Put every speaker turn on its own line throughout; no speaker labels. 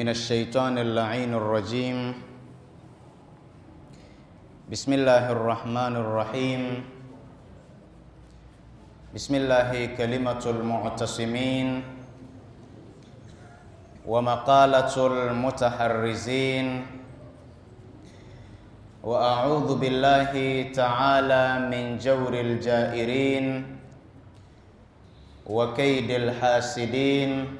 من الشيطان اللعين الرجيم بسم الله الرحمن الرحيم بسم الله كلمة المعتصمين ومقالة المتحرزين وأعوذ بالله تعالى من جور الجائرين وكيد الحاسدين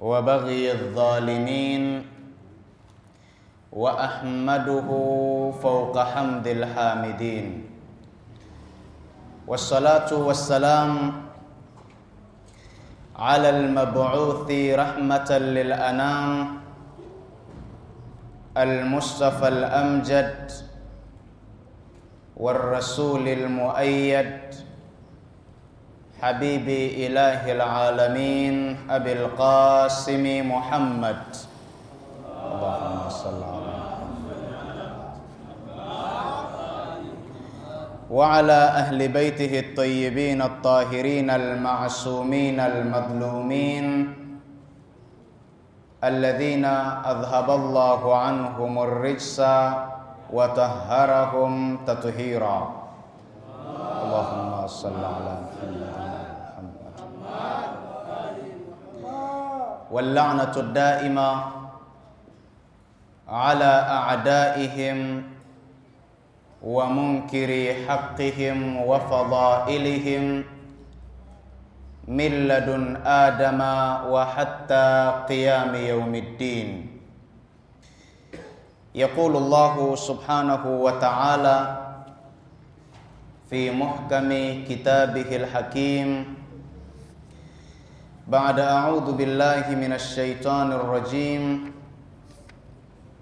وبغي الظالمين واحمده فوق حمد الحامدين والصلاه والسلام على المبعوث رحمه للانام المصطفى الامجد والرسول المؤيد حبيبي إله العالمين أبي القاسم محمد اللهم صل على وعلى أهل بيته الطيبين الطاهرين المعصومين المظلومين الذين أذهب الله عنهم الرجس وطهرهم تطهيرا اللهم صل على محمد واللعنة الدائمة على أعدائهم ومنكر حقهم وفضائلهم من لدن آدم وحتى قيام يوم الدين يقول الله سبحانه وتعالى في محكم كتابه الحكيم بعد أعوذ بالله من الشيطان الرجيم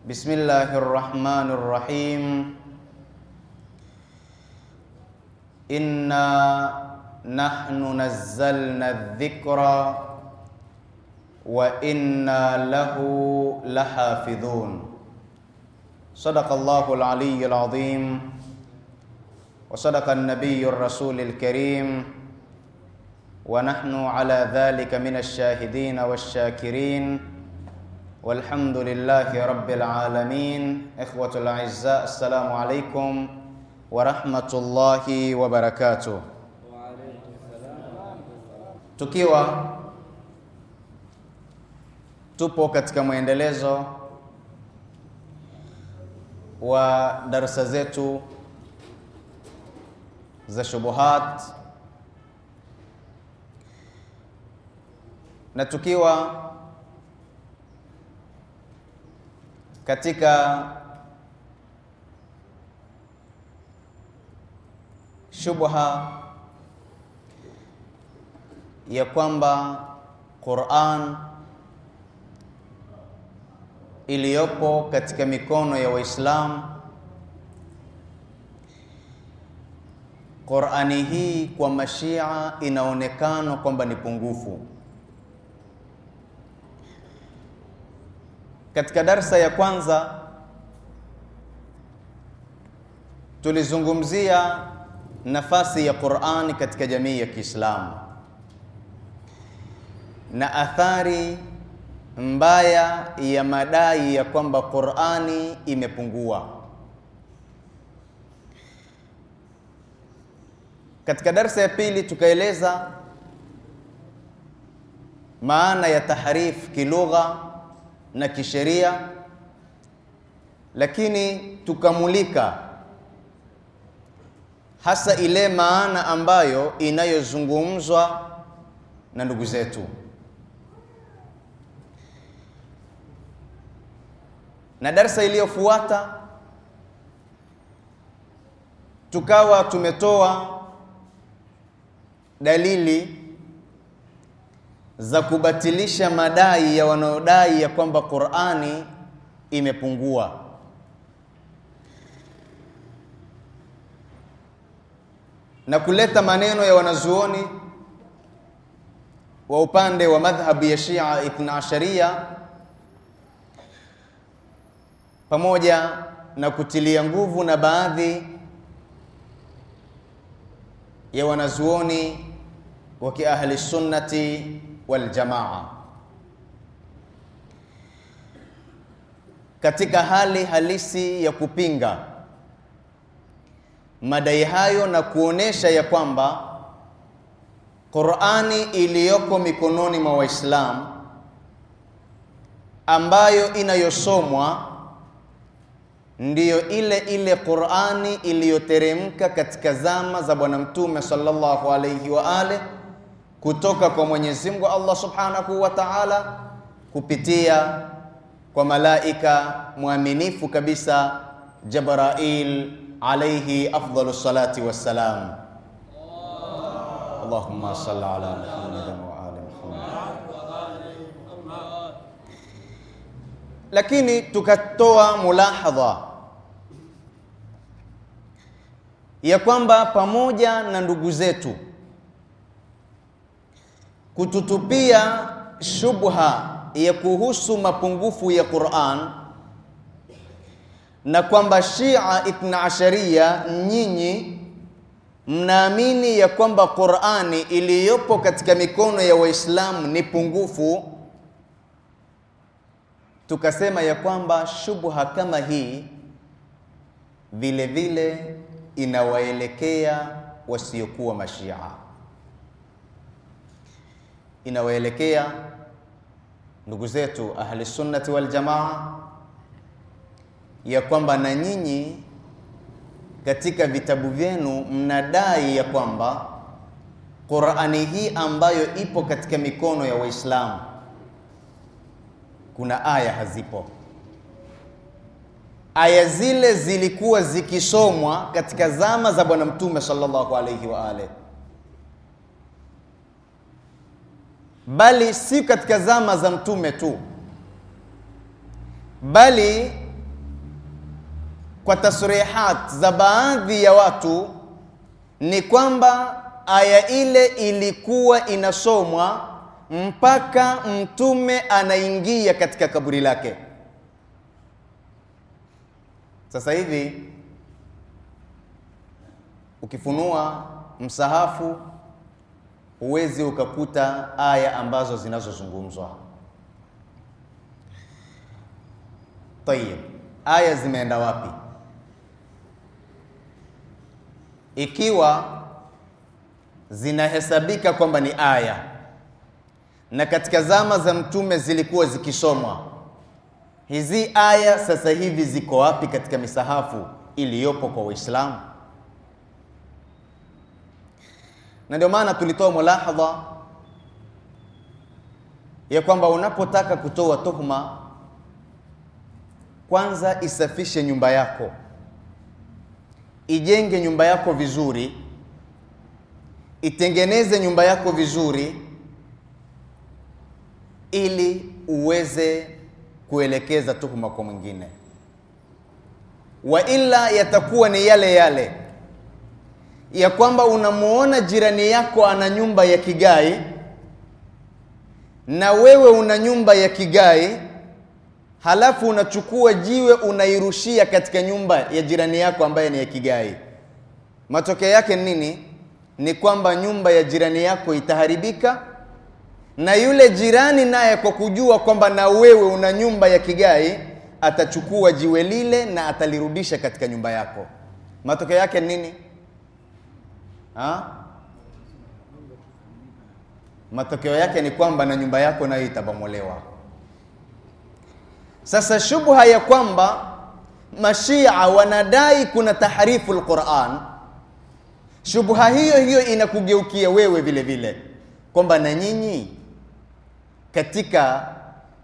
بسم الله الرحمن الرحيم إنا نحن نزلنا الذكر وإنا له لحافظون صدق الله العلي العظيم وصدق النبي الرسول الكريم ونحن على ذلك من الشاهدين والشاكرين والحمد لله رب العالمين إخوة الأعزاء السلام عليكم ورحمة الله وبركاته تكيوا tupo katika mwendelezo wa darasa zetu za shubuhat na tukiwa katika shubha ya kwamba Qur'an iliyopo katika mikono ya Waislamu, Qur'ani hii kwa mashia inaonekana kwamba ni pungufu. Katika darsa ya kwanza tulizungumzia nafasi ya Qur'ani katika jamii ya Kiislamu na athari mbaya ya madai ya kwamba Qur'ani imepungua. Katika darsa ya pili tukaeleza maana ya tahrif kilugha na kisheria, lakini tukamulika hasa ile maana ambayo inayozungumzwa na ndugu zetu na darsa iliyofuata tukawa tumetoa dalili za kubatilisha madai ya wanaodai ya kwamba Qur'ani imepungua. Na kuleta maneno ya wanazuoni wa upande wa madhhabu ya Shia Ithna Asharia pamoja na kutilia nguvu na baadhi ya wanazuoni wa kiahli sunnati waljamaa. Katika hali halisi ya kupinga madai hayo na kuonesha ya kwamba Qur'ani iliyoko mikononi mwa Waislamu ambayo inayosomwa ndiyo ile ile Qur'ani iliyoteremka katika zama za Bwana Mtume sallallahu alayhi wa alihi kutoka kwa Mwenyezi Mungu Allah Subhanahu wa Ta'ala kupitia kwa malaika mwaminifu kabisa Jibril alayhi afdhalu salati wassalam. Allahumma salli ala Muhammad wa ala Muhammad. Lakini tukatoa mulahadha ya kwamba pamoja na ndugu zetu kututupia shubha ya kuhusu mapungufu ya Qur'an na kwamba Shia Ithna Asharia nyinyi mnaamini ya kwamba Qur'ani iliyopo katika mikono ya Waislamu ni pungufu, tukasema ya kwamba shubha kama hii vile vile inawaelekea wasiokuwa mashia inawaelekea ndugu zetu ahli sunnati wal jamaa ya kwamba na nyinyi katika vitabu vyenu mnadai ya kwamba Qur'ani hii ambayo ipo katika mikono ya Waislamu kuna aya hazipo. Aya zile zilikuwa zikisomwa katika zama za Bwana Mtume sallallahu alayhi wa alihi bali si katika zama za mtume tu, bali kwa tasrihat za baadhi ya watu ni kwamba aya ile ilikuwa inasomwa mpaka mtume anaingia katika kaburi lake. Sasa hivi ukifunua msahafu huwezi ukakuta aya ambazo zinazozungumzwa. Tayib, aya zimeenda wapi? Ikiwa zinahesabika kwamba ni aya, na katika zama za Mtume zilikuwa zikisomwa hizi aya, sasa hivi ziko wapi katika misahafu iliyopo kwa Waislamu? na ndio maana tulitoa mulahadha ya kwamba unapotaka kutoa tuhuma kwanza isafishe nyumba yako, ijenge nyumba yako vizuri, itengeneze nyumba yako vizuri, ili uweze kuelekeza tuhuma kwa mwingine, wa ila yatakuwa ni yale yale ya kwamba unamuona jirani yako ana nyumba ya kigai na wewe una nyumba ya kigai halafu unachukua jiwe unairushia katika nyumba ya jirani yako ambaye ni ya kigai matokeo yake nini ni kwamba nyumba ya jirani yako itaharibika na yule jirani naye kwa kujua kwamba na wewe una nyumba ya kigai atachukua jiwe lile na atalirudisha katika nyumba yako matokeo yake nini ha? matokeo yake ni kwamba na nyumba yako nayo itabomolewa. Sasa shubha ya kwamba mashia wanadai kuna tahrifu lquran, shubha hiyo hiyo inakugeukia wewe vile vile kwamba na nyinyi katika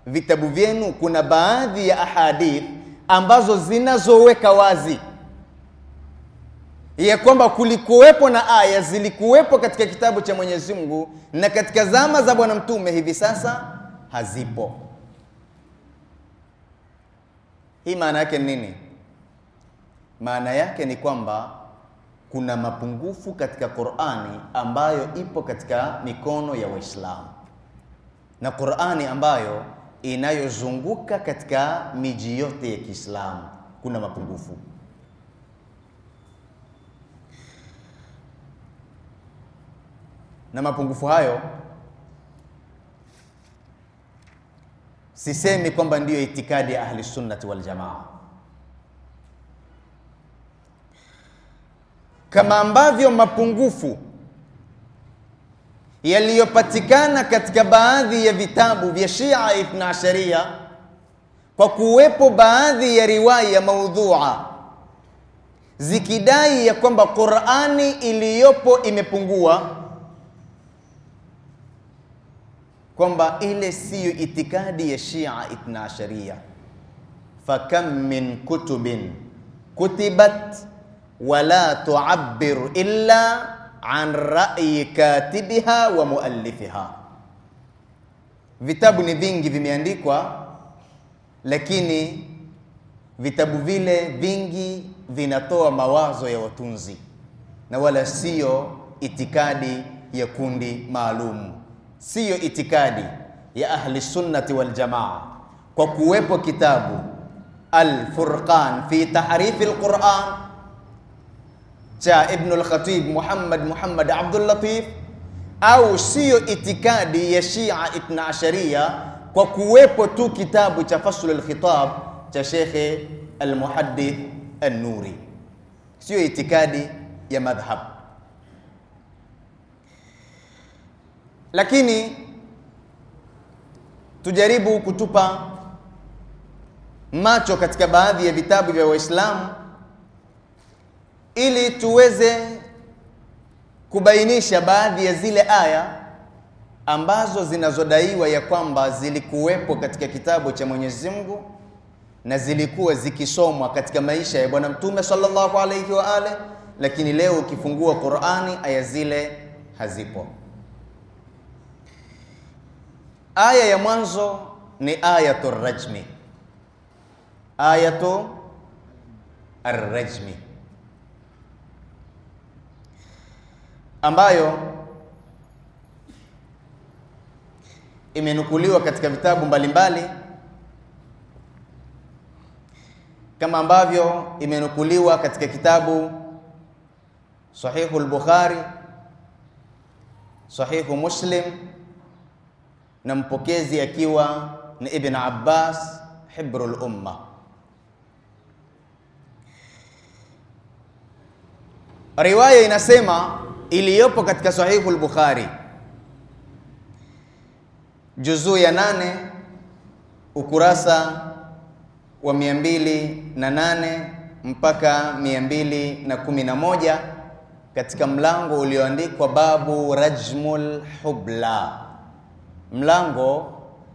vitabu vyenu kuna baadhi ya ahadith ambazo zinazoweka wazi ya kwamba kulikuwepo na aya zilikuwepo katika kitabu cha Mwenyezi Mungu na katika zama za Bwana Mtume, hivi sasa hazipo. Hii maana yake ni nini? Maana yake ni kwamba kuna mapungufu katika Qur'ani ambayo ipo katika mikono ya Waislamu na Qur'ani ambayo inayozunguka katika miji yote ya Kiislamu kuna mapungufu na mapungufu hayo, sisemi kwamba ndiyo itikadi ya ahli sunnati wal jamaa, kama ambavyo mapungufu yaliyopatikana katika baadhi ya vitabu vya Shia Ithna Asharia kwa kuwepo baadhi ya riwaya maudhua zikidai ya kwamba Qur'ani iliyopo imepungua kwamba ile siyo itikadi ya Shia Itnaasharia. Fakam min kutubin kutibat wala tuabbir illa an ra'yi katibiha wa muallifiha, vitabu ni vingi vimeandikwa, lakini vitabu vile vingi vinatoa mawazo ya watunzi na wala siyo itikadi ya kundi maalumu siyo itikadi ya ahli sunnati wal jamaa, kwa kuwepo kitabu Al-Furqan fi tahrifi al-Quran cha Ibn al-Khatib Muhammad Muhammad Abdul Latif, au siyo itikadi ya Shia Itna Asharia kwa kuwepo tu kitabu cha Faslul al-Khitab cha Sheikh al-Muhaddith An-Nuri, siyo itikadi ya madhhab lakini tujaribu kutupa macho katika baadhi ya vitabu vya Waislamu ili tuweze kubainisha baadhi ya zile aya ambazo zinazodaiwa ya kwamba zilikuwepo katika kitabu cha Mwenyezi Mungu na zilikuwa zikisomwa katika maisha ya Bwana Mtume sallallahu alayhi wa ale, lakini leo ukifungua Qur'ani aya zile hazipo. Aya ya mwanzo ni ayatu rajmi, ayatu arrajmi ambayo imenukuliwa katika vitabu mbalimbali mbali, kama ambavyo imenukuliwa katika kitabu Sahihu lbukhari Sahihu Muslim na mpokezi akiwa ni Ibn Abbas hibrul umma. Riwaya inasema iliyopo katika sahihu al-Bukhari juzuu ya nane ukurasa wa nane mpaka moja katika mlango ulioandikwa babu rajmul hubla mlango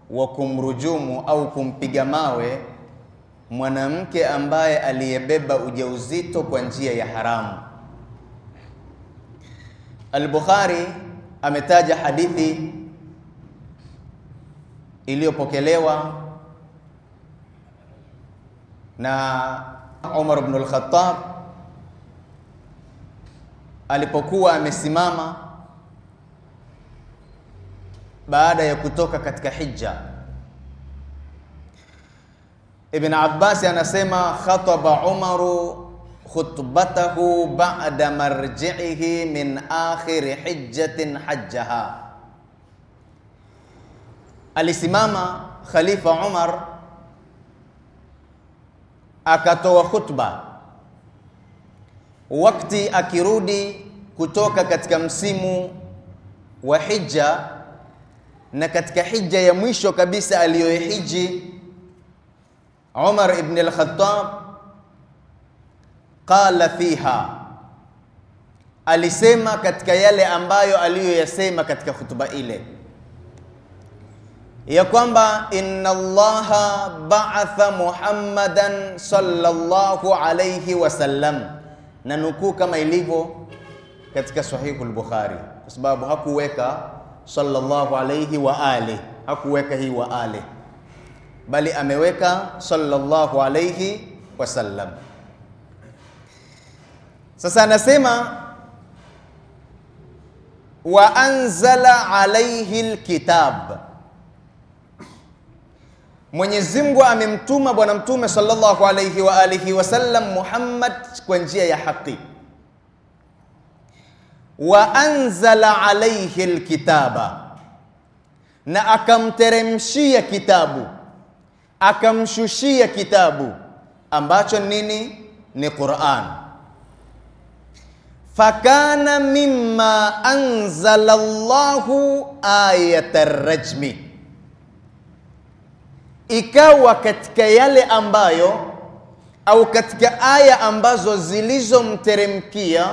wa kumrujumu au kumpiga mawe mwanamke ambaye aliyebeba ujauzito kwa njia ya haramu. Al-Bukhari ametaja hadithi iliyopokelewa na Umar ibn al-Khattab alipokuwa amesimama baada ya kutoka katika hija. Ibn Abbas anasema khataba Umaru khutbatahu ba'da marji'ihi min akhiri hijjatin hajjaha, alisimama Khalifa Umar akatoa khutba wakati akirudi kutoka katika msimu wa hija na katika hija ya mwisho kabisa aliyoihiji Umar ibn al-Khattab qala fiha, alisema katika yale ambayo aliyoyasema katika khutuba ile ya kwamba inna Allaha ba'atha Muhammadan sallallahu alayhi wasallam, na nukuu kama ilivyo katika Sahihul Bukhari, kwa sababu hakuweka sallallahu alayhi wa ali, hakuweka hii wa ali, bali ameweka sallallahu alayhi wasallam. Sasa anasema wa anzala alayhi alkitab, Mwenyezi Mungu amemtuma bwana mtume sallallahu alayhi wa alihi wasallam Muhammad kwa njia ya haki wa anzala alaihi alkitaba, na akamteremshia kitabu, akamshushia kitabu ambacho nini? Ni Qur'an. Fakana mimma anzala Allahu ayata rajmi, ikawa katika yale ambayo au katika aya ambazo zilizomteremkia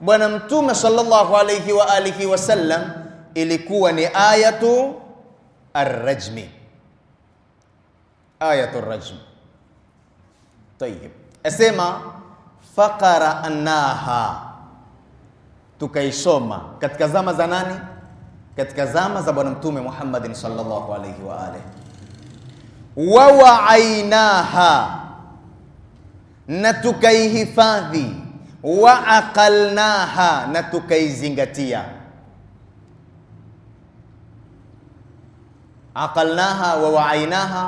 Bwana Mtume sallallahu alayhi wa alihi wasallam ilikuwa ni ayatu arrajmi, ayatu arrajmi. Tayib, asema faqara annaha tukaisoma katika zama za nani? Katika zama za Bwana Mtume Muhammadin sallallahu alayhi wa alihi wa waainaha, na tukaihifadhi wa aqalnaha, na tukaizingatia. Aqalnaha wa waainaha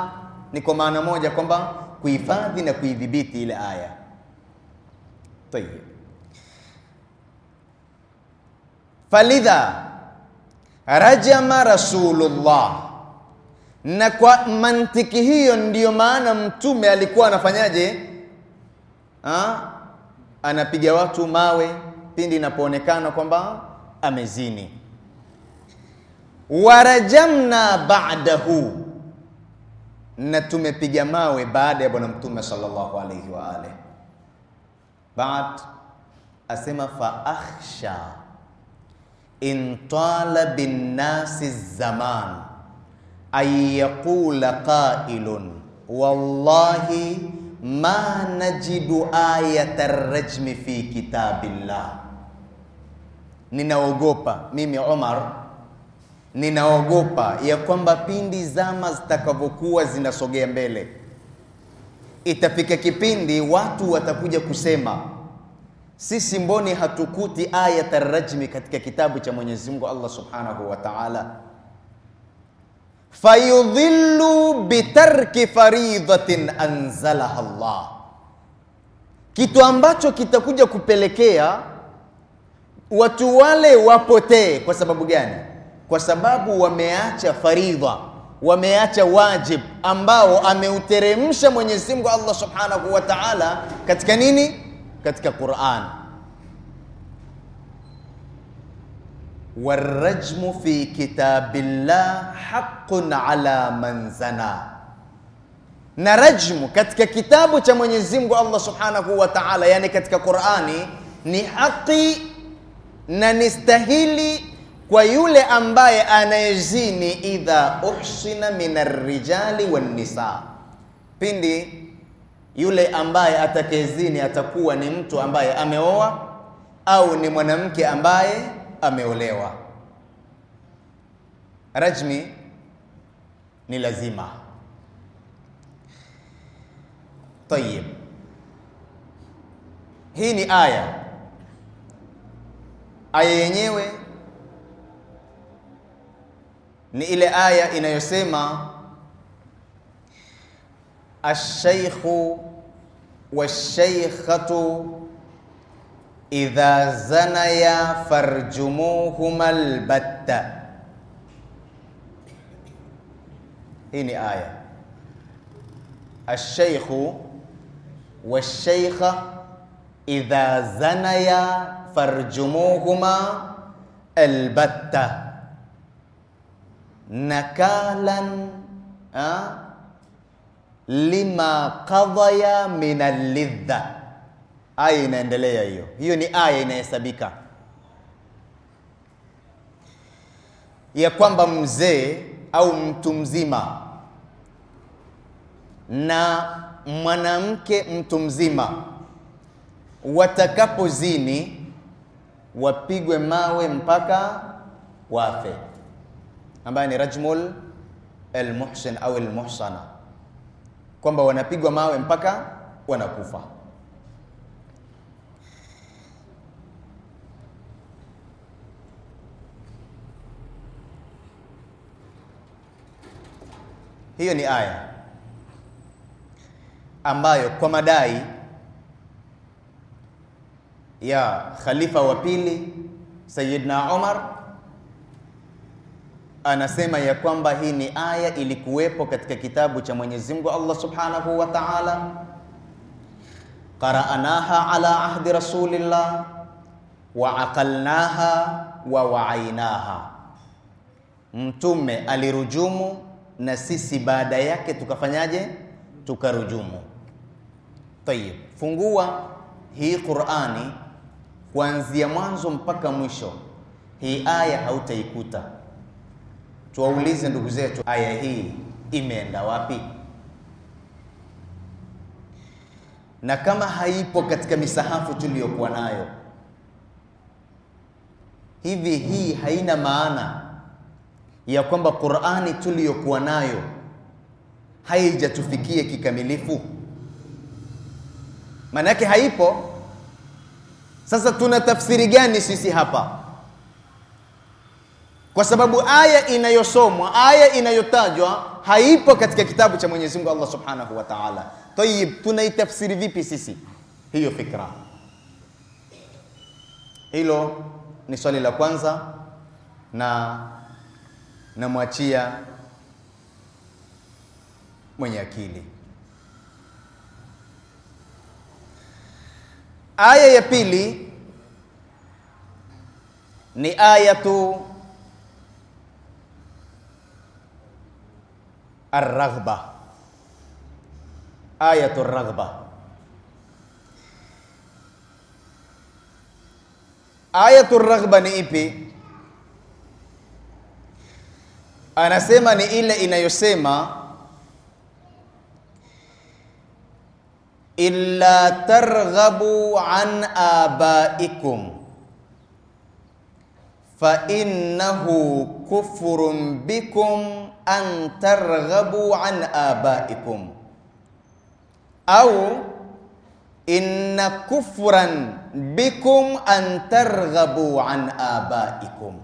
ni kwa maana moja kwamba kuhifadhi na kuidhibiti ile aya. Tayeb, falidha rajama Rasulullah na kwa mantiki hiyo ndiyo maana mtume alikuwa anafanyaje? Ha? anapiga watu mawe pindi inapoonekana kwamba amezini. Warajamna ba'dahu, na tumepiga mawe baada ya Bwana Mtume sallallahu alayhi wa alihi baad, asema fa akhsha in tala bin nasi zaman an yaqula qailun wallahi ma najidu ayata rajmi fi kitabillah, ninaogopa mimi Omar, ninaogopa ya kwamba pindi zama zitakavyokuwa zinasogea mbele, itafika kipindi watu watakuja kusema sisi mboni hatukuti ayata rajmi katika kitabu cha Mwenyezi Mungu Allah Subhanahu wa Ta'ala fayudhillu bitarki faridhatin anzalaha Allah, kitu ambacho kitakuja kupelekea watu wale wapotee. Kwa sababu gani? Kwa sababu wameacha faridha, wameacha wajib ambao ameuteremsha Mwenyezi Mungu Allah Subhanahu wa Ta'ala katika nini? Katika Qur'an. warajmu fi kitabillah haqqun ala man zana, na rajmu katika kitabu cha Mwenyezi Mungu Allah Subhanahu wa Ta'ala, yani katika Qur'ani ni haki na ni stahili kwa yule ambaye anayezini, idha uhsina min arrijali wan nisa, pindi yule ambaye atakayezini atakuwa ni mtu ambaye ameoa au ni mwanamke ambaye ameolewa. Rajmi ni lazima. Tayib, hii ni aya. Aya yenyewe ni ile aya inayosema ashaykhu washaykhatu إذا زنيا فارجموهما البتة هنا آية الشيخ والشيخة إذا زنيا فارجموهما البتة نكالا آه، لما قضيا من اللذة aya inaendelea hiyo hiyo ni aya inahesabika ya kwamba mzee au mtu mzima na mwanamke mtu mzima watakapozini wapigwe mawe mpaka wafe, ambaye ni rajmul almuhsin au almuhsana, kwamba wanapigwa mawe mpaka wanakufa. Hiyo ni aya ambayo kwa madai ya khalifa wa pili Sayyidna Umar anasema ya kwamba hii ni aya ilikuwepo katika kitabu cha Mwenyezi Mungu Allah Subhanahu wa Ta'ala, qara'naha ala ahdi rasulillah wa aqalnaha wa wa'aynaha, mtume alirujumu na sisi baada yake tukafanyaje? Tukarujumu. Tayib, fungua hii Qur'ani kuanzia mwanzo mpaka mwisho, hii aya hautaikuta. Tuwaulize ndugu zetu, aya hii imeenda wapi? Na kama haipo katika misahafu tuliyokuwa nayo, hivi hii haina maana ya kwamba Qur'ani tuliyokuwa nayo haijatufikia kikamilifu, maana yake haipo. Sasa tuna tafsiri gani sisi hapa? Kwa sababu aya inayosomwa aya inayotajwa haipo katika kitabu cha Mwenyezi Mungu Allah Subhanahu wa Ta'ala. Tayib, tunaitafsiri vipi sisi hiyo fikra? Hilo ni swali la kwanza na namwachia mwenye akili. Aya ya pili ni ayatu arraghba, ayatu raghba. Ayatu raghba ni ipi? anasema ni ile inayosema illa targhabu an abaikum fa innahu kufurun bikum an targhabu an abaikum au inna kufran bikum an targhabu an abaikum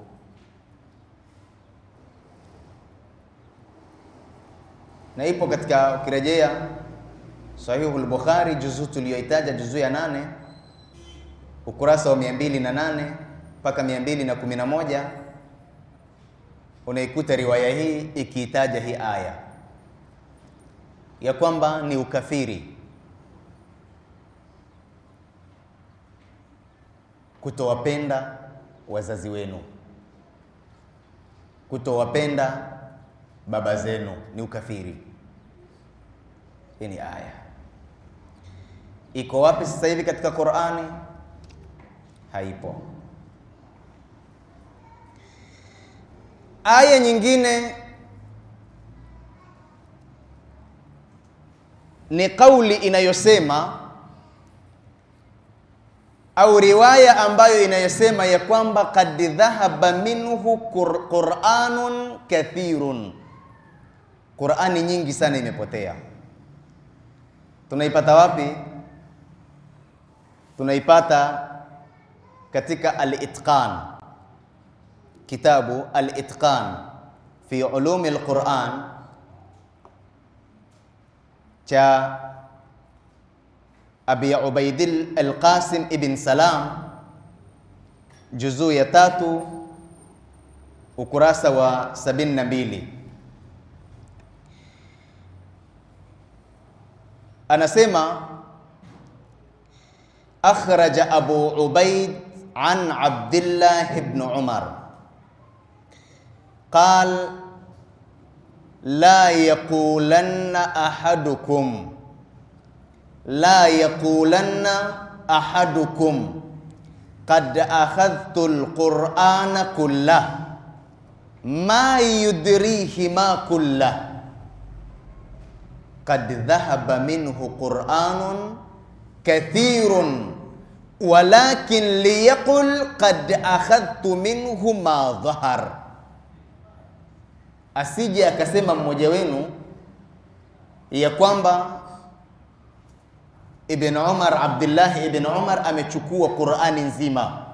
na ipo katika ukirejea Sahihul Bukhari juzu tuliyoitaja juzu ya nane ukurasa wa mia mbili na nane mpaka mia mbili na kumi na moja unaikuta riwaya hii ikiitaja hii aya ya kwamba ni ukafiri kutowapenda wazazi wenu, kutowapenda baba zenu ni ukafiri. Hii ni aya iko wapi sasa hivi katika Qur'ani? Haipo. Aya nyingine ni kauli inayosema au riwaya ambayo inayosema ya kwamba kad dhahaba minhu qur'anun kathirun, Qur'ani nyingi sana imepotea. tunaipata wapi tunaipata katika al-itqan kitabu al-itqan fi ulumi al-Quran cha Abi Ubaidil Al-Qasim ibn Salam juzuu ya tatu ukurasa wa 72 anasema akhraja Abu Ubaid an Abdullah ibn Umar قال لا يقولن أحدكم لا يقولن أحدكم قد أخذت القرآن كله ما يدريه ما كله kad dhahaba minhu Qur'anun kathirun walakin liyaqul kad akhadhtu minhu ma dhahar, asije akasema mmoja wenu ya kwamba Ibn Umar, Abdullah Ibn Umar amechukua Qur'ani nzima,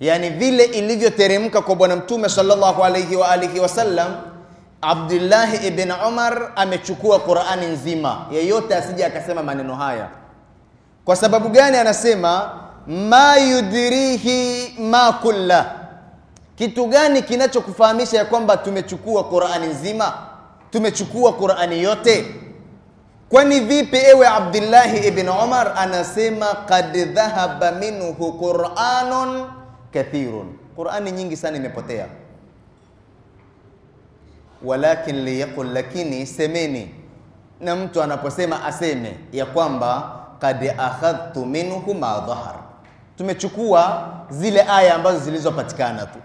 yani vile ilivyoteremka kwa Bwana Mtume sallallahu alayhi wa alihi wasallam Abdullahi ibn Umar amechukua Qur'ani nzima. Yeyote asije akasema maneno haya. Kwa sababu gani? Anasema ma yudrihi ma kulla, kitu gani kinachokufahamisha ya kwamba tumechukua Qur'ani nzima, tumechukua Qur'ani yote? Kwani vipi ewe Abdullahi ibn Umar? Anasema qad dhahaba minhu qur'anun kathirun, Qur'ani nyingi sana imepotea walakin liyakul, lakini semeni. Na mtu anaposema aseme ya kwamba kad akhadhtu minhu ma dhahar, tumechukua zile aya ambazo zilizopatikana tu.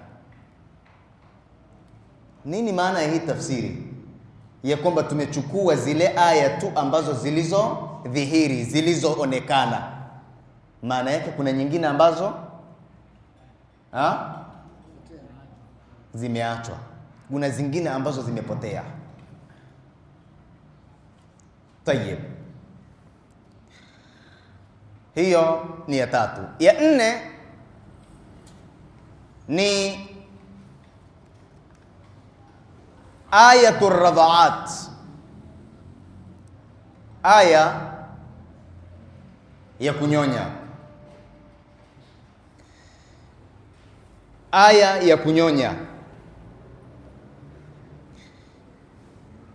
Nini maana ya hii tafsiri ya kwamba tumechukua zile aya tu ambazo zilizodhihiri, zilizoonekana? Maana yake kuna nyingine ambazo ha? zimeachwa kuna zingine ambazo zimepotea. Tayeb, hiyo ni ya tatu. Ya nne ni ayatu radhaat, aya ya kunyonya, aya ya kunyonya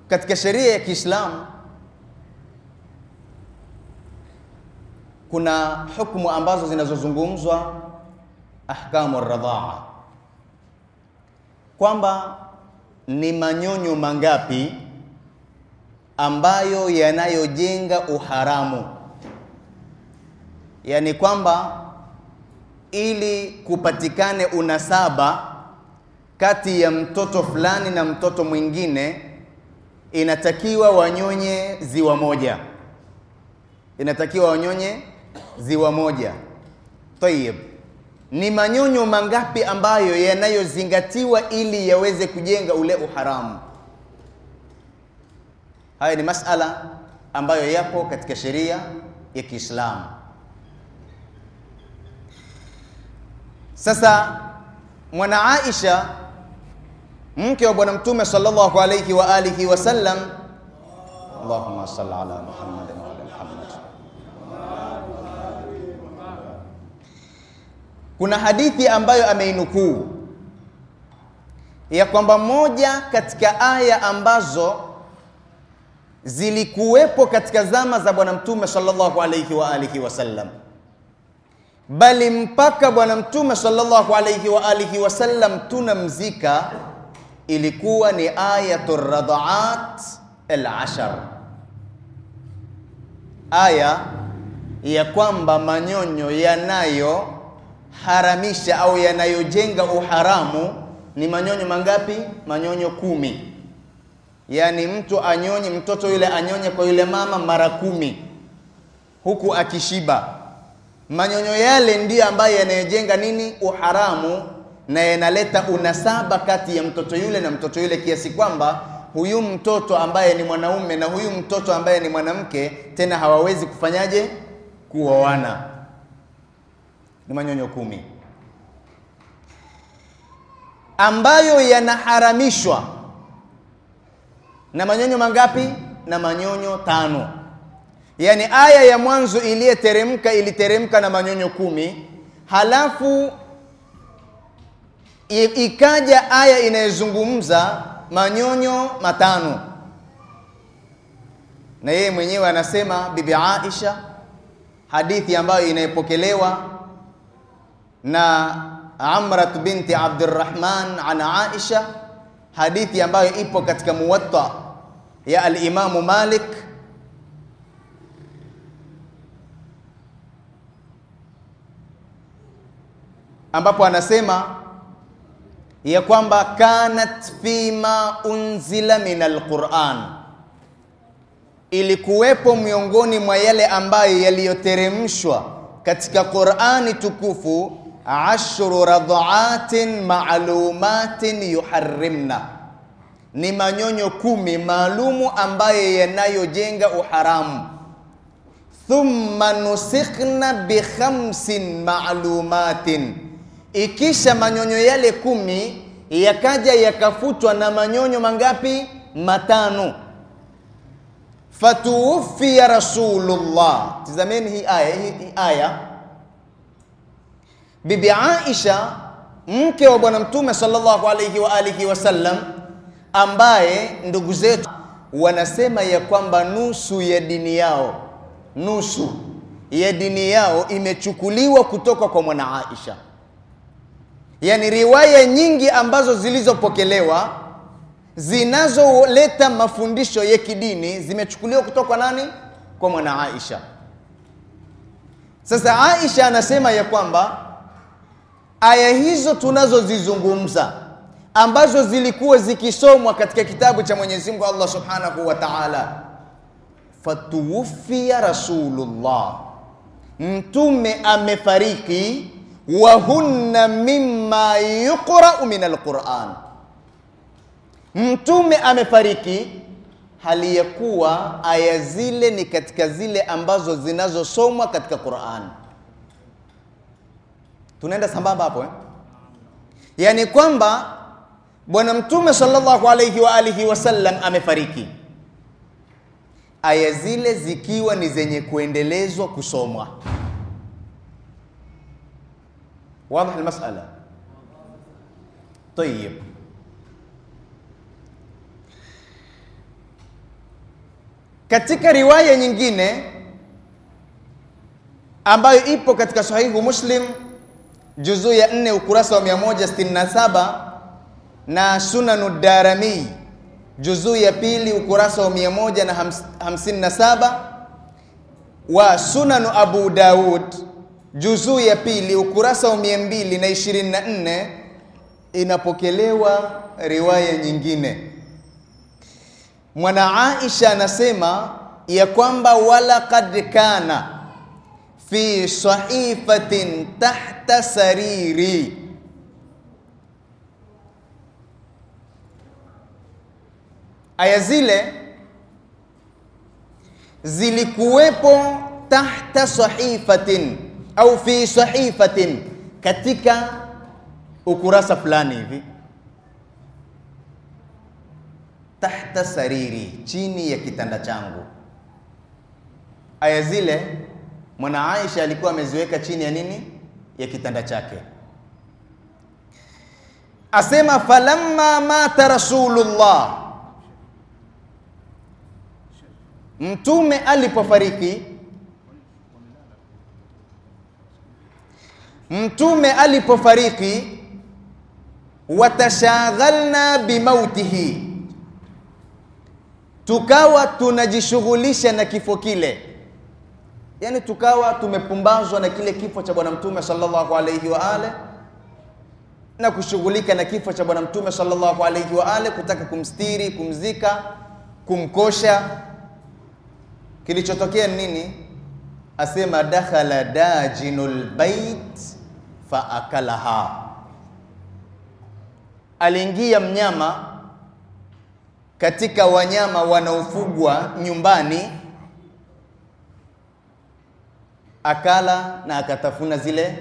katika sheria ya Kiislamu kuna hukumu ambazo zinazozungumzwa ahkamu radhaa, kwamba ni manyonyo mangapi ambayo yanayojenga uharamu, yaani kwamba ili kupatikane unasaba kati ya mtoto fulani na mtoto mwingine inatakiwa wanyonye ziwa moja, inatakiwa wanyonye ziwa moja. Tayib, ni manyonyo mangapi ambayo yanayozingatiwa ili yaweze kujenga ule uharamu? Haya ni masala ambayo yapo katika sheria ya Kiislamu. Sasa mwana Aisha mke wa bwana mtume sallallahu alayhi wa alihi wasallam. Allahumma salli ala Muhammad wa ala Muhammad. Kuna hadithi ambayo ameinukuu ya kwamba moja katika aya ambazo zilikuwepo katika zama za bwana mtume sallallahu alayhi wa alihi wasallam bali mpaka bwana mtume sallallahu alayhi wa alihi wasallam tunamzika ilikuwa ni ayatul radhaat al-ashar, aya ya kwamba manyonyo yanayoharamisha au yanayojenga uharamu ni manyonyo mangapi? Manyonyo kumi. Yaani mtu anyonye, mtoto yule anyonye kwa yule mama mara kumi huku akishiba. Manyonyo yale ndiyo ambayo yanayojenga nini? Uharamu na yanaleta unasaba kati ya mtoto yule na mtoto yule, kiasi kwamba huyu mtoto ambaye ni mwanaume na huyu mtoto ambaye ni mwanamke tena hawawezi kufanyaje? Kuoana. Ni manyonyo kumi ambayo yanaharamishwa na manyonyo mangapi? Na manyonyo tano. Yaani aya ya mwanzo iliyeteremka iliteremka na manyonyo kumi halafu ikaja aya inayozungumza manyonyo matano, na yeye mwenyewe anasema Bibi Aisha, hadithi ambayo inayopokelewa na Amrat binti Abdurrahman an Aisha, hadithi ambayo ipo katika Muwatta ya Alimamu Malik ambapo anasema ya kwamba kanat fi ma unzila min alquran, ilikuwepo miongoni mwa yale ambayo yaliyoteremshwa katika Qurani tukufu, ashru radhaatin maalumatin yuharrimna, ni manyonyo kumi maalumu ambayo yanayojenga uharamu thumma nusikhna khamsin maalumatin Ikisha manyonyo yale kumi yakaja yakafutwa na manyonyo mangapi? Matano. Fatuwufia Rasulullah. Tizameni hii aya, hii aya. Bibi Aisha mke wa Bwana Mtume sallallahu alayhi wa alihi wasallam, ambaye ndugu zetu wanasema ya kwamba nusu ya dini yao, nusu ya dini yao imechukuliwa kutoka kwa mwana Aisha yaani riwaya nyingi ambazo zilizopokelewa zinazoleta mafundisho ya kidini zimechukuliwa kutoka nani? Kwa mwana Aisha. Sasa Aisha anasema ya kwamba aya hizo tunazozizungumza ambazo zilikuwa zikisomwa katika kitabu cha Mwenyezi Mungu Allah Subhanahu wa Ta'ala, fatuwufia Rasulullah, mtume amefariki wa hunna mimma yuqra'u min alquran. Mtume amefariki hali ya kuwa aya zile ni katika zile ambazo zinazosomwa katika Qur'an. Tunaenda sambamba hapo eh? Yaani kwamba Bwana Mtume sallallahu alayhi wa alihi wasallam amefariki, aya zile zikiwa ni zenye kuendelezwa kusomwa واضح المسألة طيب katika riwaya nyingine ambayo ipo katika sahihu Muslim juzuu ya 4 ukurasa wa 167 na sunanu darami juzuu ya pili ukurasa wa 157 wa sunanu Abu Daud juzuu ya pili ukurasa wa mia mbili na ishirini na nne inapokelewa riwaya nyingine. Mwana Aisha anasema ya kwamba walaqad kana fi sahifatin tahta sariri, aya zile zilikuwepo tahta sahifatin au fi sahifatin, katika ukurasa fulani hivi, tahta sariri, chini ya kitanda changu. Aya zile mwana Aisha alikuwa ameziweka chini ya nini? Ya kitanda chake. Asema falamma mata Rasulullah, mtume alipofariki Mtume alipofariki, watashaghalna bimautihi, tukawa tunajishughulisha na kifo kile, yani tukawa tumepumbazwa na kile kifo cha Bwana Mtume sallallahu alayhi wa ale na kushughulika na kifo cha Bwana Mtume sallallahu alayhi wa ale, kutaka kumstiri, kumzika, kumkosha. Kilichotokea nini? Asema dakhala dajinul bait faakalaha, aliingia mnyama katika wanyama wanaofugwa nyumbani, akala na akatafuna zile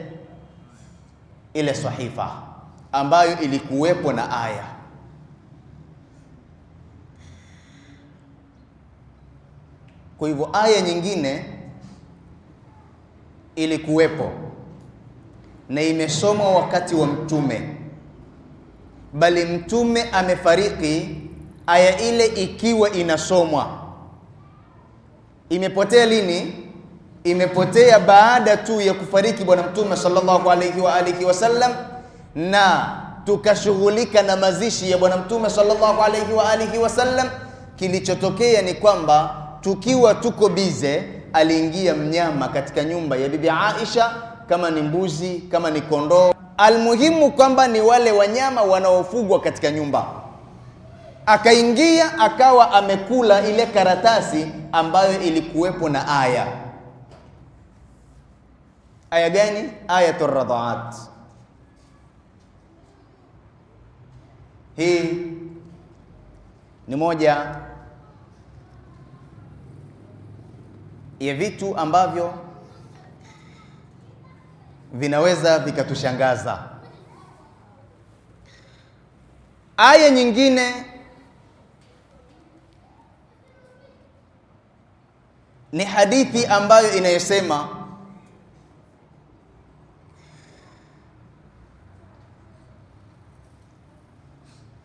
ile sahifa ambayo ilikuwepo na aya. Kwa hivyo aya nyingine ilikuwepo na imesomwa wakati wa mtume, bali mtume amefariki aya ile ikiwa inasomwa. Imepotea lini? Imepotea baada tu ya kufariki bwana mtume sallallahu alayhi wa alihi wasallam, na tukashughulika na mazishi ya bwana mtume sallallahu alayhi wa alihi wasallam. Kilichotokea ni kwamba tukiwa tuko bize, aliingia mnyama katika nyumba ya bibi Aisha kama ni mbuzi, kama ni kondoo. Almuhimu kwamba ni wale wanyama wanaofugwa katika nyumba. Akaingia akawa amekula ile karatasi ambayo ilikuwepo na aya. Aya gani? Ayatu Radhaat. Hii ni moja ya vitu ambavyo vinaweza vikatushangaza. Aya nyingine ni hadithi ambayo inayosema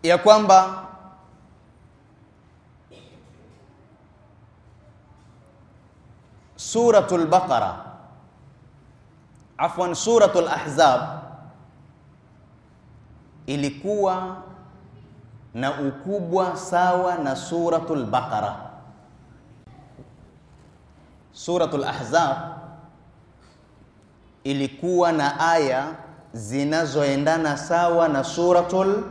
ya kwamba Suratul Baqara afwan, suratul Ahzab ilikuwa na ukubwa sawa na suratul Baqara. Suratul Ahzab ilikuwa na aya zinazoendana sawa na suratul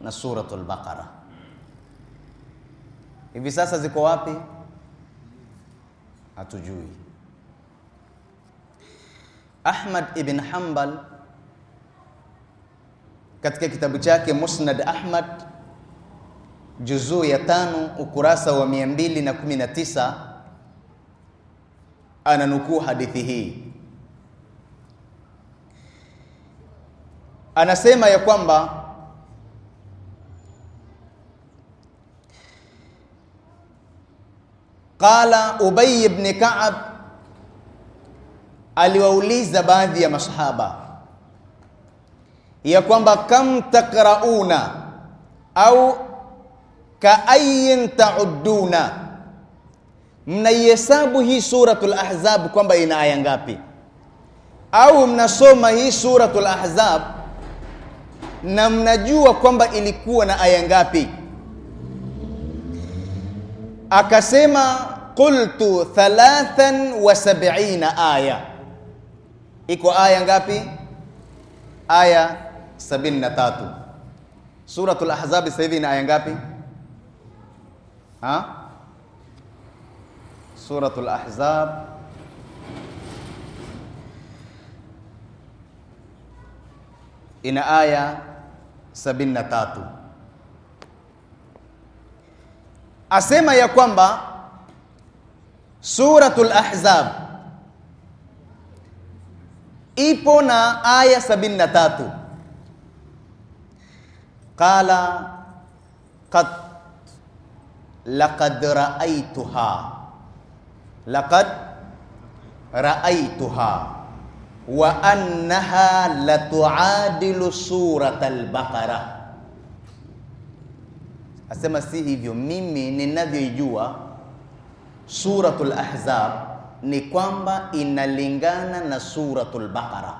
na suratul Baqara. Hivi sasa ziko wapi? Hatujui. Ahmad ibn Hanbal katika kitabu chake Musnad Ahmad juzuu ya tano ukurasa wa 219 ananukuu hadithi hii, anasema ya kwamba qala Ubay ibn kab aliwauliza baadhi ya masahaba ya kwamba kam takrauna au kaayin tauduna, mnaihesabu hii suratul Ahzab kwamba ina aya ngapi? Au mnasoma hii suratul Ahzab na mnajua kwamba ilikuwa na aya ngapi? Akasema qultu thalathan wa sab'ina aya iko aya ngapi? Aya sabini na tatu. Suratul Ahzabi sasa hivi ina aya ngapi? Ha? Suratul Ahzab ina aya sabini na tatu. Asema ya kwamba Suratul Ahzab ipo na aya sabini na tatu qala qad laqad raaituha laqad raaituha wa annaha latuadilu surat al-Baqarah asema si hivyo mimi ninavyoijua suratul ahzab ni kwamba inalingana na suratul Baqara,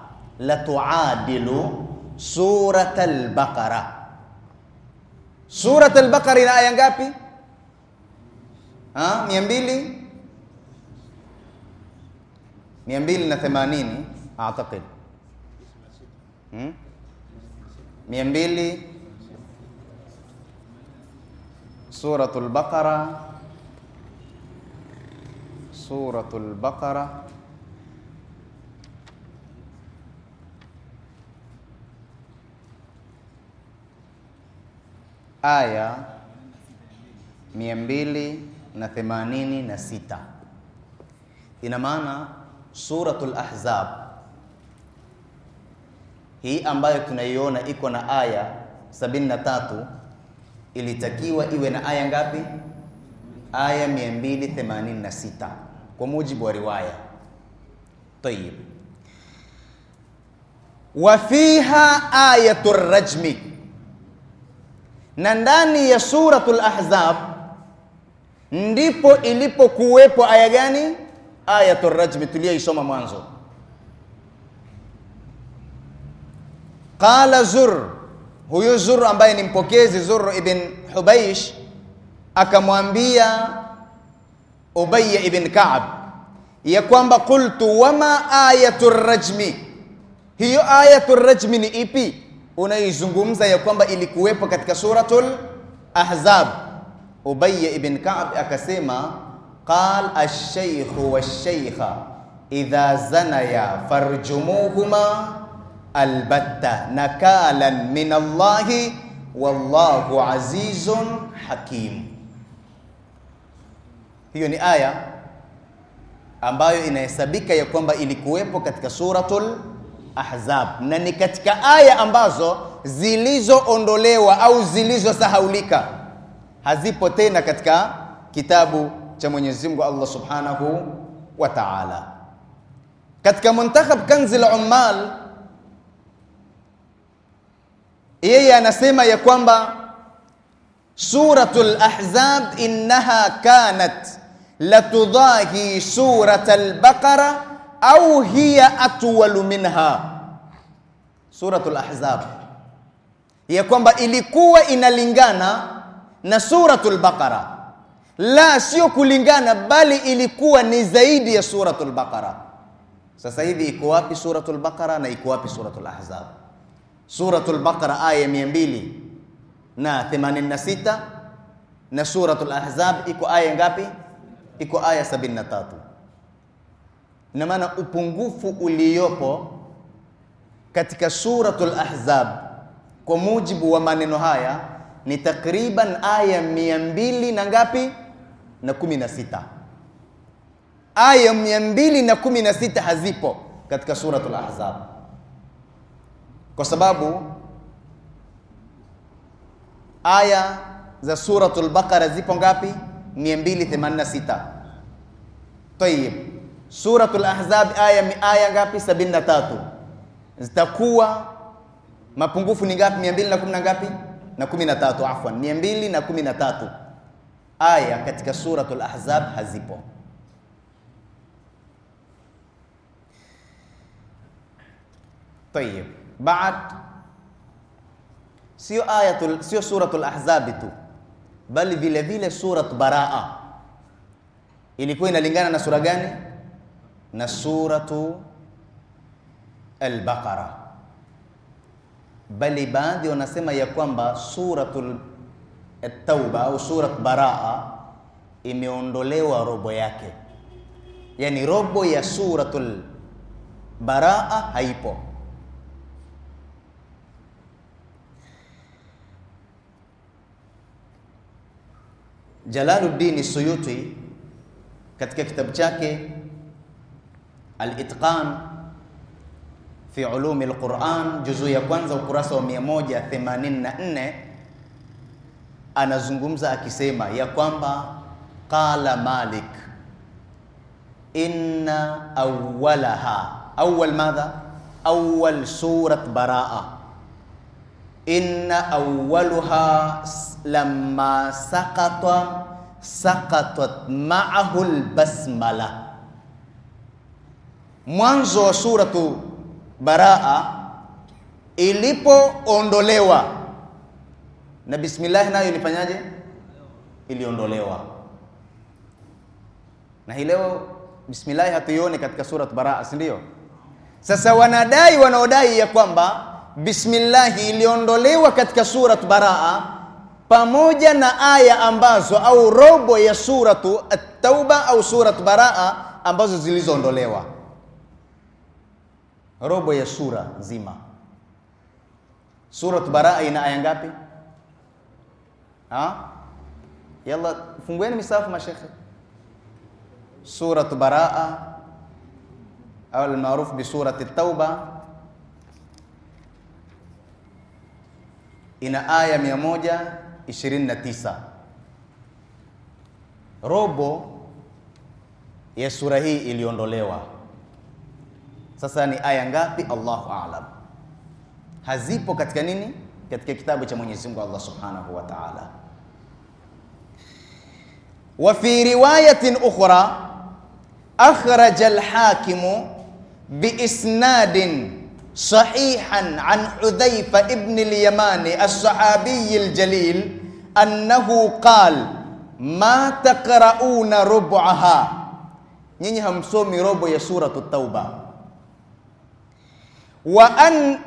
la tuadilu suratul Baqara. Suratul Baqara ina aya ngapi? Ha, mia mbili mia na themanini atakid hmm? mia Suratul Baqara Suratul Baqarah aya 286. Ina maana Suratul Ahzab hii ambayo tunaiona iko na aya 73 ilitakiwa iwe na aya ngapi? Aya 286 kwa mujibu wa riwaya tayib. Wa fiha ayatu rajmi, na ndani ya suratul Ahzab ndipo ilipokuwepo aya gani? Ayatu rajmi tuliyoisoma mwanzo. Qala Zur, huyu Zur ambaye ni mpokezi Zur ibn Hubaish akamwambia Ubayya ibn Ka'ab ya kwamba qultu, wama ayatu rajmi, hiyo ayatu rajmi ni ipi unaizungumza ya kwamba ilikuwepo katika suratul Ahzab? Ubayya ibn Ka'ab akasema, qal ash-shaykhu wash-shaykha idha zanaya farjumuhuma albatta nakalan min Allahi wallahu azizun hakim hiyo ni aya ambayo inahesabika ya kwamba ilikuwepo katika Suratul Ahzab na ni katika aya ambazo zilizoondolewa au zilizosahaulika, hazipo tena katika kitabu cha Mwenyezi Mungu Allah Subhanahu wa Ta'ala. Katika Muntakhab Kanzil Ummal, yeye anasema ya kwamba Suratul Ahzab innaha kanat latudhahi surat al-Baqara au hiya atwalu minha, suratul Ahzab, ya kwamba ilikuwa inalingana na suratul Baqara. La, sio kulingana, bali ilikuwa ni zaidi ya suratul Baqara. Sasa hivi iko wapi suratul Baqara na iko wapi suratul Ahzab? Suratul Baqara aya ya 200 na 86 na suratul Ahzab iko aya ngapi? iko aya 73. Ina maana upungufu uliopo katika suratul Ahzab kwa mujibu wa maneno haya ni takriban aya mia mbili na ngapi? Na kumi na sita. Aya mia mbili na kumi na sita hazipo katika suratul Ahzab kwa sababu aya za suratul Baqara zipo ngapi? 286. Tayib, Suratul Ahzab aya aya ngapi? 73. Zitakuwa mapungufu ni ngapi? 210 na ngapi? Na 13, afwan, 213 aya katika Suratul Ahzab hazipo. Tayib, baad sio ayatul sio Suratul Ahzab tu bali vile vile surat Baraa ilikuwa inalingana na sura gani? Na suratu Al-Baqara. Bali baadhi wanasema ya kwamba suratul Tauba au surat Baraa imeondolewa robo yake, yani robo ya suratul Baraa haipo Jalaluddin Suyuti katika kitabu chake Al-Itqan fi ulumi al-Quran juzu ya kwanza ukurasa wa 184 anazungumza akisema ya kwamba qala Malik inna awwalaha awwal madha awwal surat baraa inna awwaluha lamma saqata saqatat ma'ahu basmala mwanzo wa suratu Baraa ilipoondolewa na bismillah, nayo ilifanyaje? Iliondolewa. Na hii leo bismillah hatuione katika suratu Baraa, si ndio? Sasa wanadai wanaodai ya kwamba bismillahi iliondolewa katika suratu Baraa pamoja na aya ambazo au robo ya suratu At-Tauba au suratu Baraa ambazo zilizoondolewa, robo ya sura nzima. Surat Baraa ina aya ngapi? Ha? Yalla fungueni misafu mashekhe. Suratu Baraa au almaarufu bi surati Tauba ina aya 129 robo ya sura hii iliondolewa. Sasa ni aya ngapi? Allahu alam Hazipo katika nini? Katika kitabu cha Mwenyezi Mungu Allah Subhanahu wa Ta'ala. Wa fi riwayatin ukhra akhraja al biisnadin صحيحا عن حذيفة ابن اليمان الصحابي الجليل أنه قال ما تقرؤون ربعها نيني هم سومي ربع سورة التوبة وأن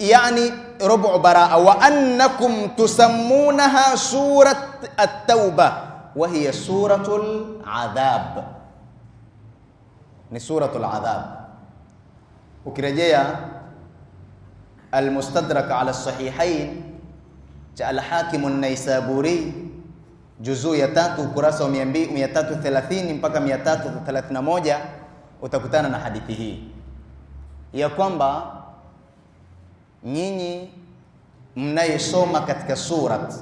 يعني ربع براءة وأنكم تسمونها سورة التوبة وهي سورة العذاب سورة العذاب ukirejea Almustadrak ala Sahihain cha Alhakimu Naisaburi juzu ya tatu ukurasa wa 330 mpaka 331 utakutana na hadithi hii ya kwamba nyinyi mnayesoma katika surat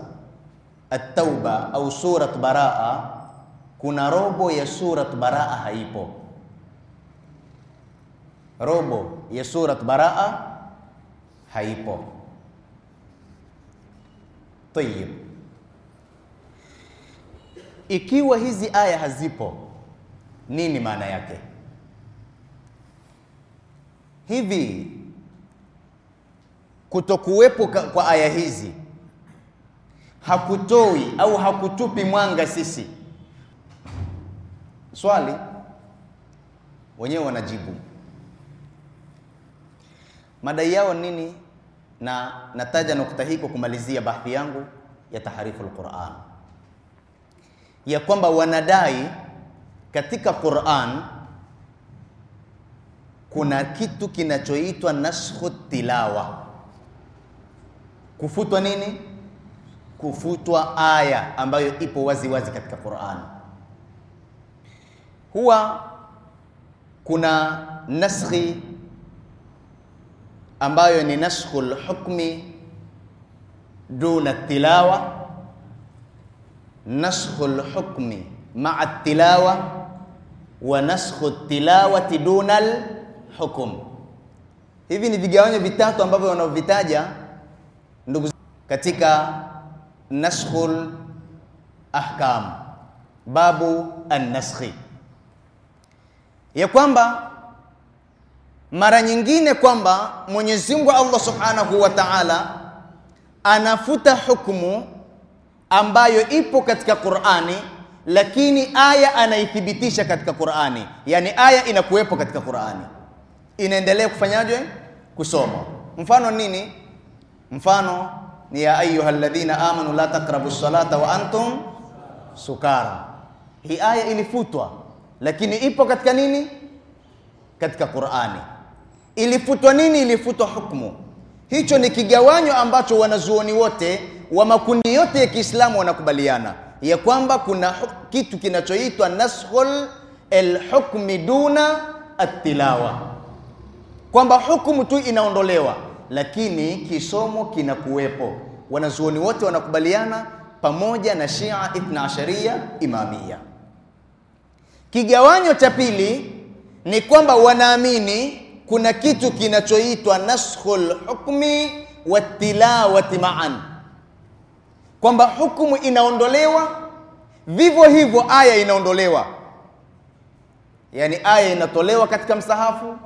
At-Tauba au surat Baraa, kuna robo ya surat Baraa haipo. Robo ya surat Baraa haipo. Tayib, ikiwa hizi aya hazipo, nini maana yake? Hivi kutokuwepo kwa aya hizi hakutoi au hakutupi mwanga sisi? Swali wenyewe wanajibu madai yao nini? na nataja nukta hii kwa kumalizia bahthi yangu ya taharifu lquran ya kwamba wanadai katika Quran kuna kitu kinachoitwa naskhu tilawa, kufutwa nini? Kufutwa aya ambayo ipo wazi wazi katika Quran. Huwa kuna naskhi ambayo ni naskhul hukmi duna tilawa, naskhul hukmi ma'a tilawa wa naskhu tilawati duna lhukm Hivi ni vigawanyo vitatu ambavyo wanaovitaja ndugu katika naskhul ahkam, babu an ya kwamba mara nyingine kwamba Mwenyezi Mungu Allah Subhanahu wa Ta'ala anafuta hukumu ambayo ipo katika Qur'ani, lakini aya anaithibitisha katika Qur'ani, yani aya inakuwepo katika Qur'ani, inaendelea kufanyajwe kusoma Mfano nini? Mfano ni ya ayyuhalladhina amanu la taqrabu salata wa antum sukara. Hii aya ilifutwa, lakini ipo katika nini? Katika Qur'ani. Ilifutwa nini? Ilifutwa hukmu Hicho ni kigawanyo ambacho wanazuoni wote wa makundi yote ya Kiislamu wanakubaliana ya kwamba kuna kitu kinachoitwa naskhul lhukmi duna atilawa kwamba hukumu tu inaondolewa, lakini kisomo kinakuwepo. Wanazuoni wote wanakubaliana pamoja na Shia Ithna Ashariya Imamia. Kigawanyo cha pili ni kwamba wanaamini kuna kitu kinachoitwa naskhul hukmi watilawati ma'an, kwamba hukumu inaondolewa, vivyo hivyo aya inaondolewa. Yani aya inatolewa katika msahafu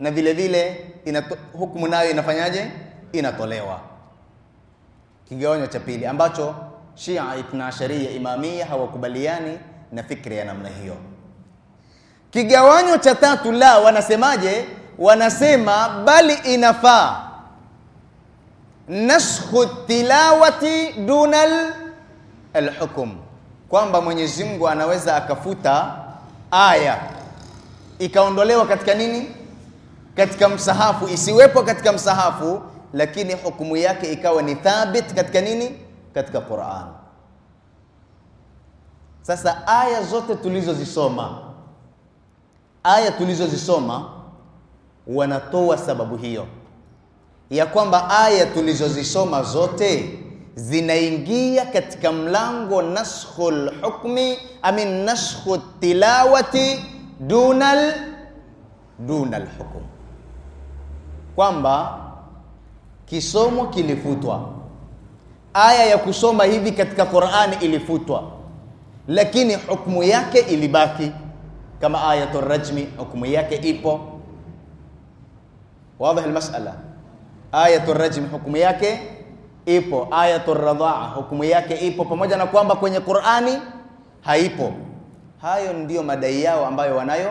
na vile vile inato, hukumu nayo inafanyaje? Inatolewa. Kigawanyo cha pili ambacho Shia Itnaasharia Imamia hawakubaliani na fikra ya namna hiyo. Kigawanyo cha tatu la wanasemaje? wanasema bali inafaa naskhu tilawati duna alhukm, kwamba Mwenyezi Mungu anaweza akafuta aya ikaondolewa katika nini, katika msahafu, isiwepo katika msahafu, lakini hukumu yake ikawa ni thabit katika nini, katika Qur'an. Sasa aya zote tulizozisoma, aya tulizozisoma wanatoa sababu hiyo ya kwamba aya tulizozisoma zote zinaingia katika mlango naskhu hukmi amin naskhu tilawati dunal dunal kwamba kisomo kilifutwa, aya ya kusoma hivi katika Qur'ani ilifutwa, lakini hukmu yake ilibaki kama ayatu rajmi, hukmu yake ipo Wadha almas'ala. Ayatu rajm hukumu yake ipo, ayatu radhaa hukumu yake ipo, pamoja na kwamba kwenye Qur'ani haipo. Hayo ndiyo madai yao ambayo wanayo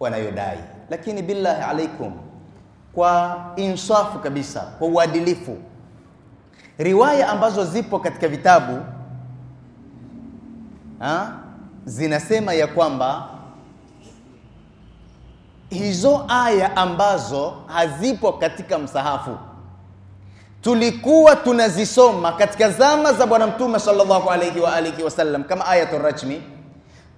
wanayodai, lakini billahi alaikum, kwa insafu kabisa, kwa uadilifu, riwaya ambazo zipo katika vitabu ha, zinasema ya kwamba hizo aya ambazo hazipo katika msahafu tulikuwa tunazisoma katika zama za Bwana Mtume sallallahu alayhi wa alihi wasallam, kama ayatu rajmi,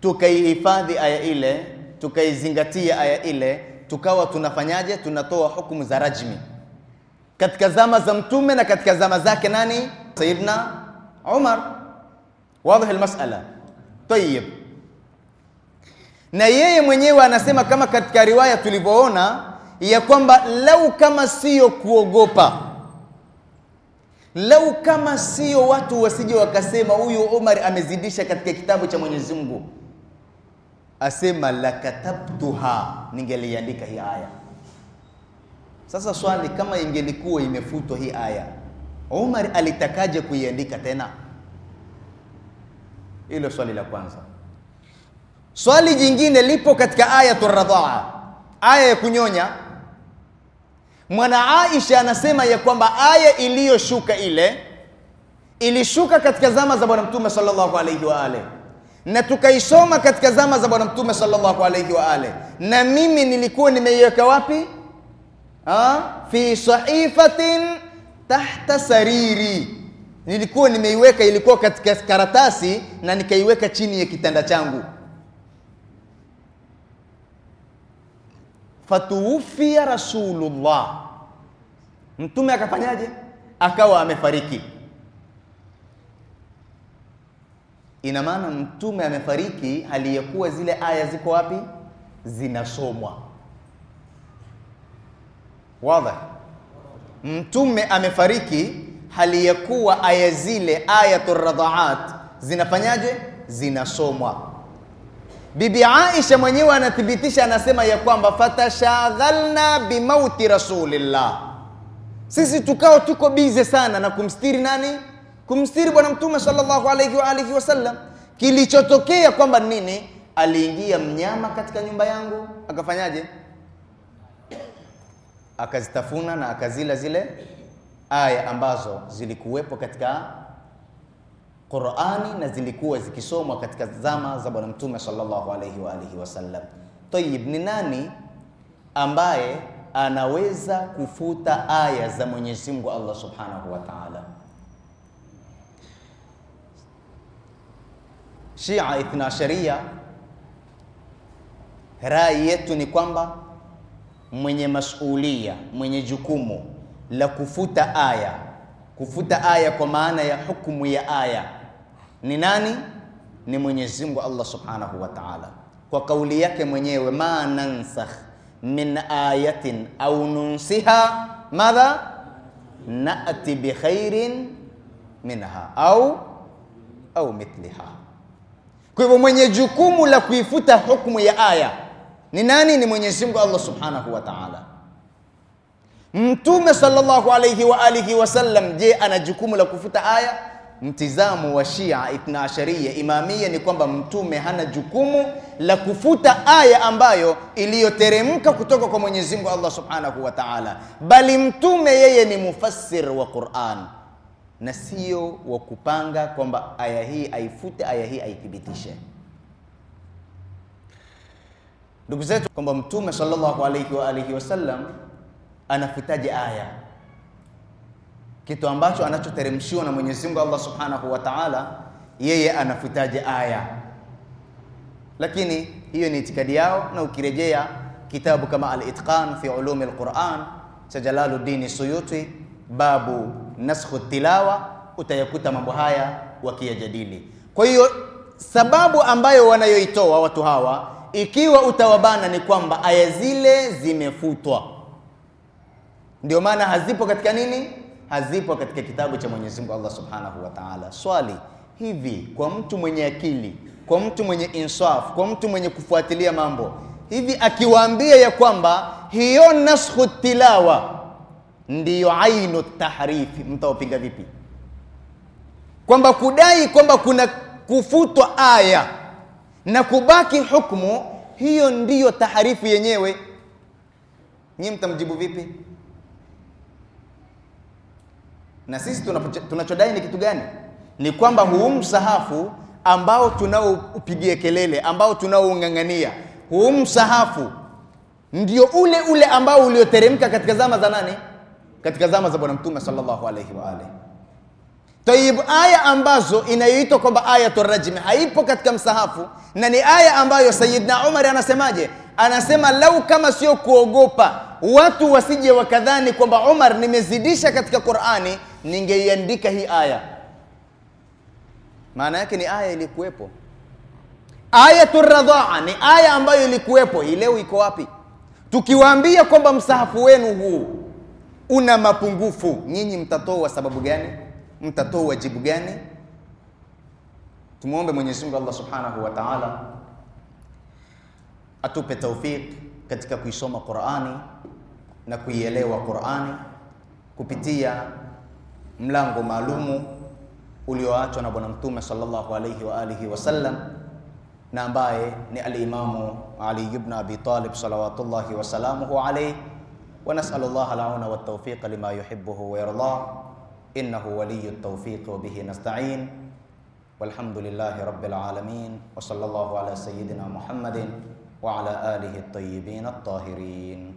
tukaihifadhi aya ile, tukaizingatia aya ile, tukawa tunafanyaje? Tunatoa hukumu za rajmi katika zama za Mtume na katika zama zake nani? sayidna Umar. wadhih almas'ala. tayib na yeye mwenyewe anasema kama katika riwaya tulivyoona ya kwamba lau kama siyo kuogopa, lau kama siyo watu wasije wakasema huyu Omar amezidisha katika kitabu cha Mwenyezi Mungu, asema lakatabtuha, ningeliandika hii aya. Sasa swali, kama ingelikuwa imefutwa hii aya, Omar alitakaje kuiandika tena? Hilo swali la kwanza swali jingine lipo katika ayatu radhaa aya ya kunyonya mwana aisha anasema ya kwamba aya iliyoshuka ile ilishuka katika zama za bwana mtume sallallahu alaihi wa na tukaisoma katika zama za bwana mtume sallallahu alaihi wa na mimi nilikuwa nimeiweka wapi ha? fi sahifatin tahta sariri nilikuwa nimeiweka ilikuwa katika karatasi na nikaiweka chini ya kitanda changu fatuufia rasulullah mtume akafanyaje akawa amefariki ina maana mtume amefariki kuwa zile aya ziko wapi zinasomwa wadha mtume amefariki hali ya kuwa aya zile ayatu radhaat zinafanyaje zinasomwa Bibi Aisha mwenyewe anathibitisha, anasema ya kwamba fatashaghalna bimauti rasulillah, sisi tukao tuko bize sana na kumstiri nani? Kumstiri Bwana Mtume sallallahu alayhi wa alihi wasallam. Kilichotokea kwamba nini? Aliingia mnyama katika nyumba yangu, akafanyaje? Akazitafuna na akazila zile aya ambazo zilikuwepo katika Qurani na zilikuwa zikisomwa katika zama za Bwana Mtume sallallahu alayhi wa alihi wasallam. Tayib, ni nani ambaye anaweza kufuta aya za Mwenyezi Mungu Allah subhanahu wa taala? Shia Ithnasharia, rai yetu ni kwamba mwenye masulia, mwenye jukumu la kufuta aya, kufuta aya kwa maana ya hukumu ya aya ni nani? Ni Mwenyezi Mungu Allah Subhanahu wa Ta'ala, kwa kauli yake mwenyewe, ma nansakh min ayatin au nunsiha madha nati bikhairin minha au au mithliha. Kwa hivyo mwenye jukumu la kuifuta hukumu ya aya ni nani? Ni Mwenyezi Mungu Allah Subhanahu wa Ta'ala. Mtume sallallahu alayhi wa alihi wasallam, je, ana jukumu la kufuta aya? mtizamo wa Shia Asharia Imamia ni kwamba mtume hana jukumu la kufuta aya ambayo iliyoteremka kutoka kwa Mwenyezi Mungu Allah Subhanahu wa Ta'ala, bali mtume yeye ni mufassir wa Qur'an na sio wa kupanga kwamba aya hii aifute, aya hii aithibitishe. Ndugu zetu, kwamba mtume sallallahu alayhi wa alihi wasallam anafutaje aya kitu ambacho anachoteremshiwa na Mwenyezi Mungu Allah Subhanahu wa Ta'ala, yeye anafutaje aya? Lakini hiyo ni itikadi yao, na ukirejea kitabu kama Al-Itqan fi Ulumi al-Quran cha Jalaluddin Suyuti, babu naskhu tilawa, utayakuta mambo haya wakiyajadili. Kwa hiyo sababu ambayo wanayoitoa watu hawa, ikiwa utawabana, ni kwamba aya zile zimefutwa, ndio maana hazipo katika nini hazipo katika kitabu cha Mwenyezi Mungu Allah Subhanahu wa Ta'ala. Swali hivi, kwa mtu mwenye akili, kwa mtu mwenye insaf, kwa mtu mwenye kufuatilia mambo hivi, akiwaambia ya kwamba hiyo naskhu tilawa ndiyo ainu tahrifi, mtaopiga vipi? Kwamba kudai kwamba kuna kufutwa aya na kubaki hukumu, hiyo ndiyo taharifu yenyewe, nyinyi mtamjibu vipi? Na sisi tunachodai ni kitu gani? Ni kwamba huu msahafu ambao tunaoupigia kelele, ambao tunaoung'ang'ania, huu msahafu ndio ule ule ambao ulioteremka katika zama za nani? Katika zama za Bwana Mtume sallallahu alaihi wa alihi. Tayib, aya ambazo inayoitwa kwamba ayatul rajmi haipo katika msahafu, na ni aya ambayo Sayyidna Umar anasemaje? Anasema lau kama sio kuogopa watu wasije wakadhani kwamba Umar nimezidisha katika Qur'ani ningeiandika hii aya. Maana yake ni aya ilikuwepo, ayatu radhaa ni aya ambayo ilikuwepo. Hii leo iko wapi? Tukiwaambia kwamba msahafu wenu huu una mapungufu, nyinyi mtatoa sababu gani? Mtatoa wajibu gani? Tumwombe mwenyezimungu Allah Subhanahu wa Ta'ala atupe taufik katika kuisoma Qur'ani na kuielewa Qur'ani kupitia mlango maalumu ulioachwa na bwana mtume sallallahu alayhi wa alihi wasallam na ambaye ni alimamu Ali ibn Abi Talib salawatullahi wasalamuhu alayhi wa nas'alullah al-auna wa at-tawfiq lima yuhibbuhu wa yardah innahu waliyyu at-tawfiq wa bihi nasta'in walhamdulillahi rabbil alamin wa sallallahu ala sayyidina Muhammadin wa ala alihi at-tayyibin